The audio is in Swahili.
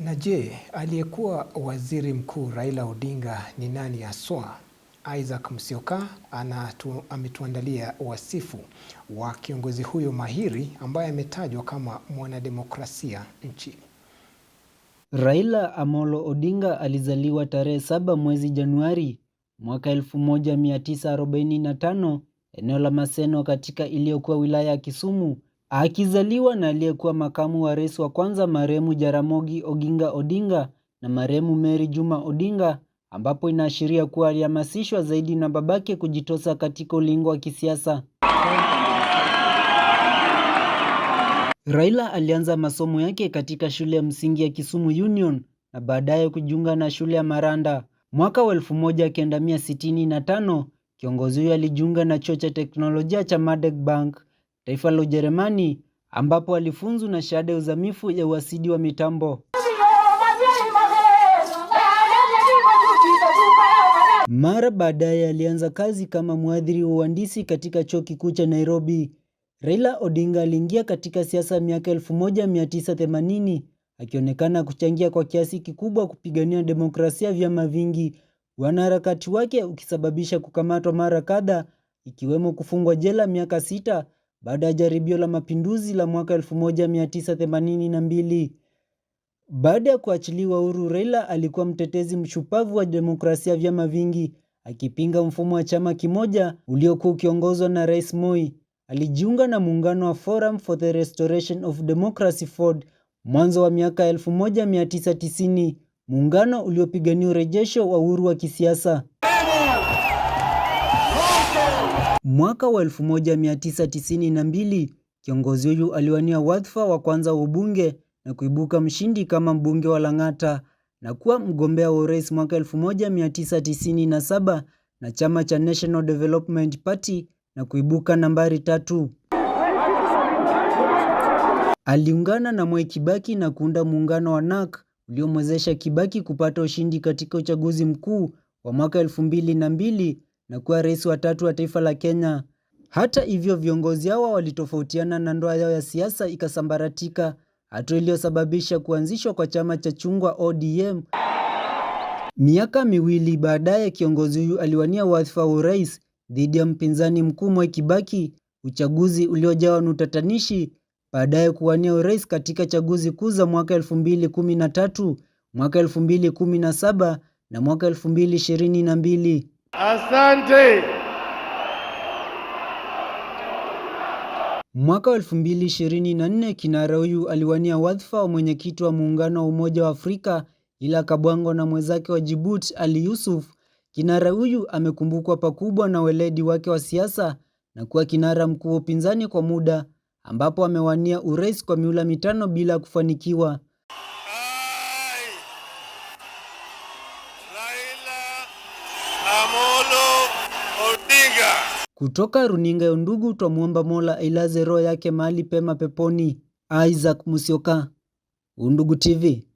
Na je, aliyekuwa waziri mkuu Raila Odinga ni nani haswa? Isaac Musyoka anatu, ametuandalia wasifu wa kiongozi huyo mahiri ambaye ametajwa kama mwanademokrasia nchini. Raila Amolo Odinga alizaliwa tarehe saba mwezi Januari mwaka 1945 eneo la Maseno katika iliyokuwa wilaya ya Kisumu akizaliwa na aliyekuwa makamu wa rais wa kwanza marehemu Jaramogi Oginga Odinga na marehemu Mary Juma Odinga, ambapo inaashiria kuwa alihamasishwa zaidi na babake kujitosa katika ulingo wa kisiasa. Raila alianza masomo yake katika shule ya msingi ya Kisumu Union na baadaye kujiunga na shule ya Maranda. Mwaka wa 1965 kiongozi huyo alijiunga na chuo cha teknolojia cha Madec Bank taifa la Ujerumani ambapo alifunzu na shahada ya uzamifu ya uhasidi wa mitambo. Mara baadaye alianza kazi kama mwadhiri wa uhandisi katika chuo kikuu cha Nairobi. Raila Odinga aliingia katika siasa miaka 1980 akionekana kuchangia kwa kiasi kikubwa kupigania demokrasia vyama vingi, wanaharakati wake ukisababisha kukamatwa mara kadha, ikiwemo kufungwa jela miaka sita baada ya jaribio la mapinduzi la mwaka 1982. Baada ya kuachiliwa huru, Raila alikuwa mtetezi mshupavu wa demokrasia vyama vingi, akipinga mfumo wa chama kimoja uliokuwa ukiongozwa na Rais Moi. Alijiunga na muungano wa Forum for the Restoration of Democracy Ford mwanzo wa miaka 1990, muungano uliopigania urejesho wa uhuru wa kisiasa. Mwaka wa 1992, kiongozi huyu aliwania wadhifa wa kwanza wa ubunge na kuibuka mshindi kama mbunge wa Lang'ata na kuwa mgombea wa urais mwaka 1997 na chama cha National Development Party na kuibuka nambari tatu. Aliungana na Mwai Kibaki na kuunda muungano wa nak uliomwezesha Kibaki kupata ushindi katika uchaguzi mkuu wa mwaka 2002 na kuwa rais wa tatu wa taifa la Kenya. Hata hivyo, viongozi hawa walitofautiana na ndoa yao ya siasa ikasambaratika, hatua iliyosababisha kuanzishwa kwa chama cha chungwa ODM. Miaka miwili baadaye, kiongozi huyu aliwania wadhifa wa urais dhidi ya mpinzani mkuu Mwai Kibaki, uchaguzi uliojawa na utatanishi, baadaye kuwania urais katika chaguzi kuu za mwaka 2013, mwaka 2017 na mwaka 2022. Asante. Mwaka wa 2024 kinara huyu aliwania wadhifa wa mwenyekiti wa muungano wa Umoja wa Afrika ila akabwangwa na mwenzake wa Djibouti Ali Yusuf. Kinara huyu amekumbukwa pakubwa na weledi wake wa siasa na kuwa kinara mkuu wa upinzani kwa muda ambapo amewania urais kwa miula mitano bila kufanikiwa. Ay, Amolo Odinga. Kutoka runinga ya Undugu, twamwomba Mola ailaze roho yake mahali pema peponi. Isaac musioka Undugu TV.